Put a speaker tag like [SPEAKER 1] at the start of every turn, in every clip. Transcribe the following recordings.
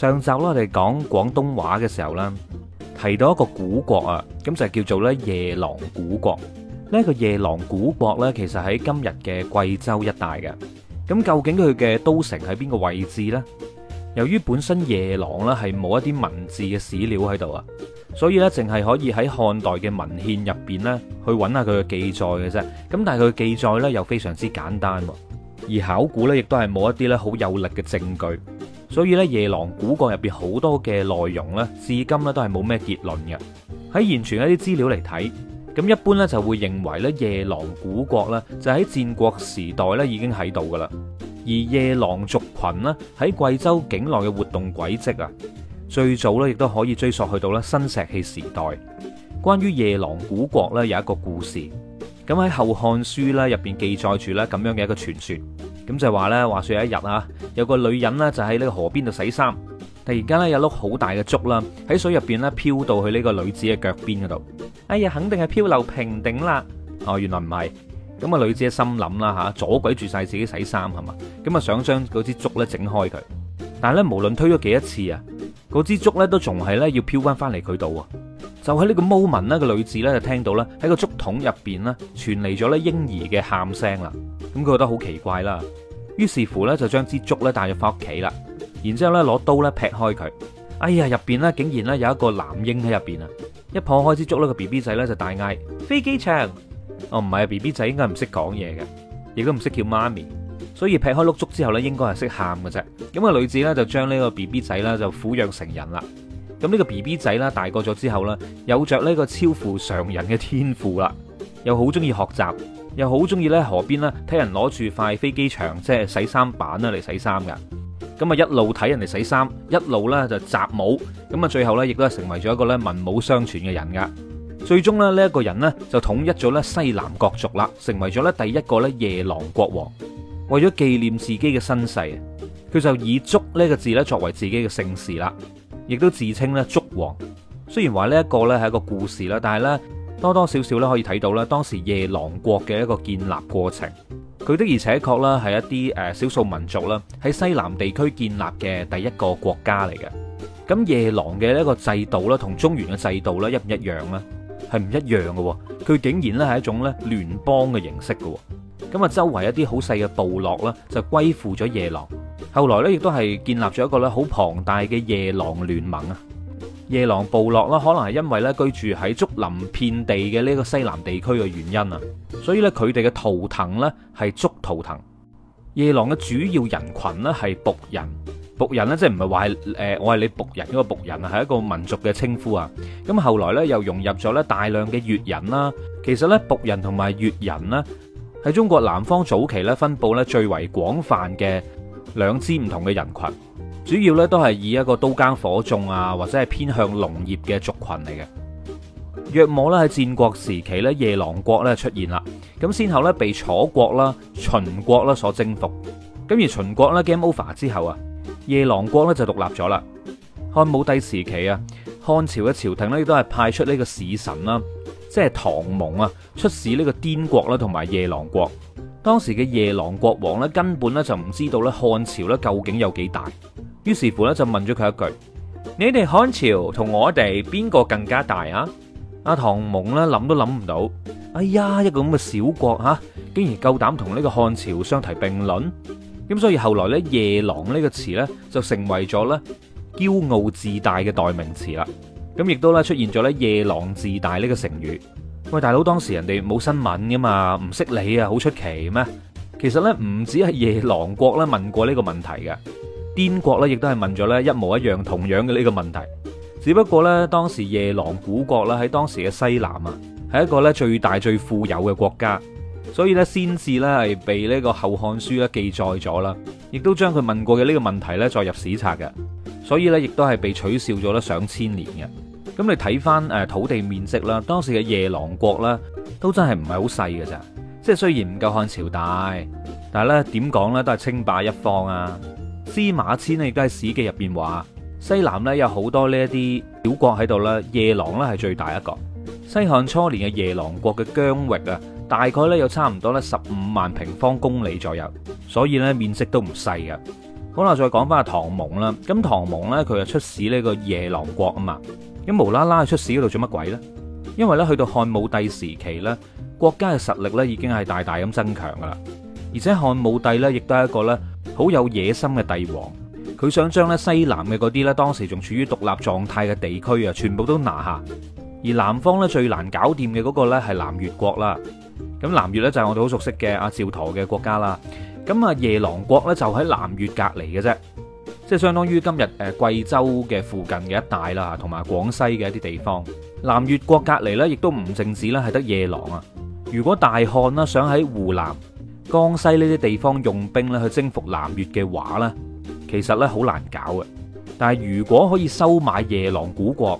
[SPEAKER 1] 上集咧，我哋講廣東話嘅時候啦，提到一個古國啊，咁就叫做咧夜郎古國。呢個夜郎古國咧，其實喺今日嘅貴州一帶嘅。咁究竟佢嘅都城喺邊個位置咧？由於本身夜郎咧係冇一啲文字嘅史料喺度啊，所以咧淨係可以喺漢代嘅文獻入邊咧去揾下佢嘅記載嘅啫。咁但係佢嘅記載咧又非常之簡單，而考古咧亦都係冇一啲咧好有力嘅證據。所以咧，夜郎古國入邊好多嘅內容呢，至今呢都係冇咩結論嘅。喺現存一啲資料嚟睇，咁一般呢就會認為呢，夜郎古國呢就喺戰國時代呢已經喺度噶啦。而夜郎族群呢，喺貴州境內嘅活動軌跡啊，最早呢亦都可以追溯去到咧新石器時代。關於夜郎古國呢，有一個故事，咁喺《後漢書》呢入邊記載住呢咁樣嘅一個傳說。咁就話咧，話說有一日啊，有個女人咧就喺呢個河邊度洗衫，突然間咧有碌好大嘅竹啦，喺水入邊咧飄到去呢個女子嘅腳邊嗰度。哎呀，肯定係漂流平頂啦。哦，原來唔係。咁啊，女子嘅心諗啦吓，阻鬼住晒自己洗衫係嘛，咁啊想將嗰支竹咧整開佢。但係咧無論推咗幾多次啊，嗰支竹咧都仲係咧要飄翻翻嚟佢度。啊。就喺呢個 moment 呢個女子咧就聽到咧喺個竹筒入邊咧傳嚟咗咧嬰兒嘅喊聲啦，咁佢覺得好奇怪啦，於是乎咧就將支竹咧帶咗翻屋企啦，然之後咧攞刀咧劈開佢，哎呀入邊咧竟然咧有一個男嬰喺入邊啊，一破開支竹咧個 B B 仔咧就大嗌飛機場，哦唔係啊 B B 仔應該唔識講嘢嘅，亦都唔識叫媽咪，所以劈開碌竹之後咧應該係識喊嘅啫，咁個女子咧就將呢個 B B 仔咧就撫養成人啦。咁呢個 B B 仔啦，大個咗之後呢有著呢個超乎常人嘅天賦啦，又好中意學習，又好中意咧河邊咧睇人攞住塊飛機場，即係洗衫板啦嚟洗衫嘅。咁啊一路睇人哋洗衫，一路咧就習武，咁啊最後咧亦都係成為咗一個咧文武雙全嘅人噶。最終咧呢一、這個人呢就統一咗咧西南各族啦，成為咗咧第一個咧夜郎國王。為咗紀念自己嘅身世，佢就以竹呢個字咧作為自己嘅姓氏啦。亦都自稱咧竹王，雖然話呢一個咧係一個故事啦，但係呢，多多少少咧可以睇到咧當時夜郎國嘅一個建立過程。佢的而且確啦係一啲誒少數民族啦喺西南地區建立嘅第一個國家嚟嘅。咁夜郎嘅呢個制度啦，同中原嘅制度啦一唔一樣咧？係唔一樣嘅喎，佢竟然咧係一種咧聯邦嘅形式嘅。咁啊，周圍一啲好細嘅部落咧，就歸附咗夜郎。後來咧，亦都係建立咗一個咧好龐大嘅夜郎聯盟啊。夜郎部落啦，可能係因為咧居住喺竹林遍地嘅呢個西南地區嘅原因啊，所以咧佢哋嘅圖騰呢係竹圖騰。夜郎嘅主要人群呢係仆人，仆人呢，即係唔係話誒我係你僕人嗰個僕人啊，係一個民族嘅稱呼啊。咁後來呢，又融入咗咧大量嘅越人啦。其實呢，仆人同埋越人呢。喺中國南方早期咧，分布咧最為廣泛嘅兩支唔同嘅人群，主要咧都係以一個刀耕火種啊，或者係偏向農業嘅族群嚟嘅。約莫咧喺戰國時期咧，夜郎國咧出現啦，咁先後咧被楚國啦、秦國啦所征服，咁而秦國咧 game over 之後啊，夜郎國咧就獨立咗啦。漢武帝時期啊，漢朝嘅朝廷呢，亦都係派出呢個使臣啦。即係唐蒙啊，出使呢個滇國啦，同埋夜郎國。當時嘅夜郎國王咧，根本咧就唔知道咧漢朝咧究竟有幾大。於是乎咧，就問咗佢一句：你哋漢朝同我哋邊個更加大啊？阿唐蒙咧諗都諗唔到，哎呀，一個咁嘅小國吓，竟然夠膽同呢個漢朝相提並論。咁所以後來咧，夜郎呢個詞咧就成為咗咧驕傲自大嘅代名詞啦。咁亦都咧出現咗咧夜郎自大呢個成語。喂，大佬，當時人哋冇新聞噶嘛，唔識你啊，好出奇咩？其實呢，唔止係夜郎國咧問過呢個問題嘅，滇國咧亦都係問咗咧一模一樣同樣嘅呢個問題。只不過呢，當時夜郎古國咧喺當時嘅西南啊，係一個咧最大最富有嘅國家，所以咧先至咧係被呢個《後漢書》咧記載咗啦，亦都將佢問過嘅呢個問題咧載入史冊嘅。所以咧亦都係被取笑咗咧上千年嘅。咁你睇翻誒土地面積啦，當時嘅夜郎國啦，都真係唔係好細嘅咋。即係雖然唔夠漢朝大，但係咧點講咧都係稱霸一方啊。司馬遷咧亦都喺史記入邊話，西南咧有好多呢一啲小國喺度啦。夜郎咧係最大一個。西漢初年嘅夜郎國嘅疆域啊，大概咧有差唔多咧十五萬平方公里左右，所以咧面積都唔細嘅。好啦，再講翻阿唐蒙啦。咁唐蒙咧佢就出使呢個夜郎國啊嘛。咁無啦啦喺出使嗰度做乜鬼呢？因為呢，去到漢武帝時期呢，國家嘅實力呢已經係大大咁增強噶啦，而且漢武帝呢亦都係一個呢好有野心嘅帝王，佢想將呢西南嘅嗰啲呢當時仲處於獨立狀態嘅地區啊，全部都拿下。而南方呢，最難搞掂嘅嗰個呢係南越國啦。咁南越呢，就係我哋好熟悉嘅阿趙佗嘅國家啦。咁啊夜郎國呢，就喺南越隔籬嘅啫。即係相當於今日誒貴州嘅附近嘅一帶啦，同埋廣西嘅一啲地方。南越國隔離呢，亦都唔淨止咧係得夜郎啊。如果大漢呢，想喺湖南、江西呢啲地方用兵咧去征服南越嘅話呢，其實呢好難搞嘅。但係如果可以收買夜郎古國，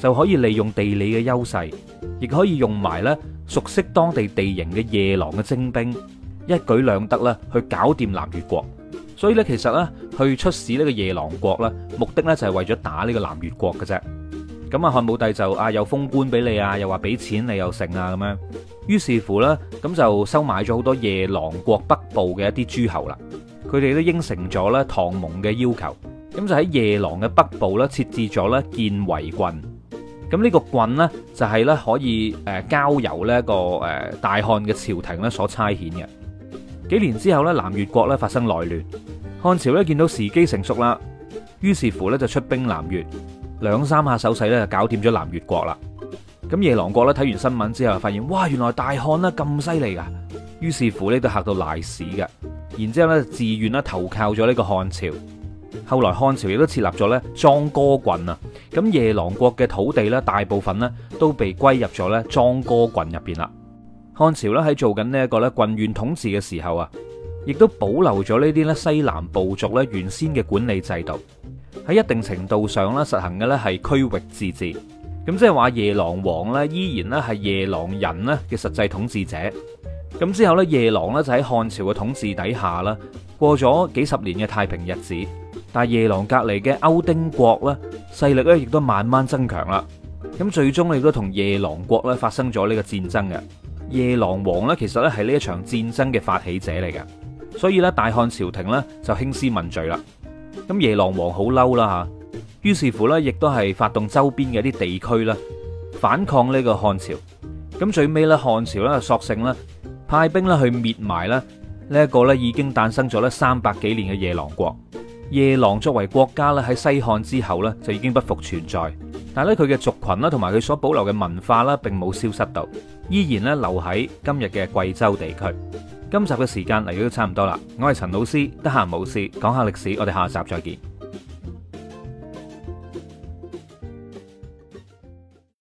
[SPEAKER 1] 就可以利用地理嘅優勢，亦可以用埋呢熟悉當地地形嘅夜郎嘅精兵，一舉兩得咧去搞掂南越國。所以咧，其實咧，去出使呢個夜郎國咧，目的咧就係為咗打呢個南越國嘅啫。咁啊，漢武帝就啊又封官俾你啊，又話俾錢你又成啊咁樣。於是乎咧，咁就收買咗好多夜郎國北部嘅一啲諸侯啦，佢哋都應承咗咧唐蒙嘅要求，咁就喺夜郎嘅北部咧設置咗咧犍為郡。咁、這、呢個郡呢，就係咧可以誒交由呢一個誒大漢嘅朝廷咧所差遣嘅。幾年之後咧，南越國咧發生內亂，漢朝咧見到時機成熟啦，於是乎咧就出兵南越，兩三下手勢咧就搞掂咗南越國啦。咁夜郎國咧睇完新聞之後，發現哇，原來大漢啦咁犀利噶，於是乎咧都嚇到賴屎噶，然之後咧自願啦投靠咗呢個漢朝。後來漢朝亦都設立咗咧牂柯郡啊，咁夜郎國嘅土地咧大部分咧都被歸入咗咧牂柯郡入邊啦。漢朝咧喺做緊呢一個咧郡縣統治嘅時候啊，亦都保留咗呢啲咧西南部族咧原先嘅管理制度，喺一定程度上咧實行嘅咧係區域自治。咁即係話夜郎王咧依然咧係夜郎人咧嘅實際統治者。咁之後咧夜郎咧就喺漢朝嘅統治底下啦，過咗幾十年嘅太平日子。但係夜郎隔離嘅歐丁國咧勢力咧亦都慢慢增強啦。咁最終亦都同夜郎國咧發生咗呢個戰爭嘅。夜郎王咧，其實咧係呢一場戰爭嘅發起者嚟㗎，所以咧大漢朝廷咧就興師問罪啦。咁夜郎王好嬲啦吓，於是乎咧亦都係發動周邊嘅啲地區咧反抗呢個漢朝。咁最尾咧漢朝咧索性咧派兵咧去滅埋啦呢一個咧已經誕生咗咧三百幾年嘅夜郎國。夜郎作為國家咧喺西漢之後咧就已經不復存在。但係咧，佢嘅族群啦，同埋佢所保留嘅文化啦，並冇消失到，依然咧留喺今日嘅貴州地區。今集嘅時間嚟到都差唔多啦，我係陳老師，得閒冇事講下歷史，我哋下集再見。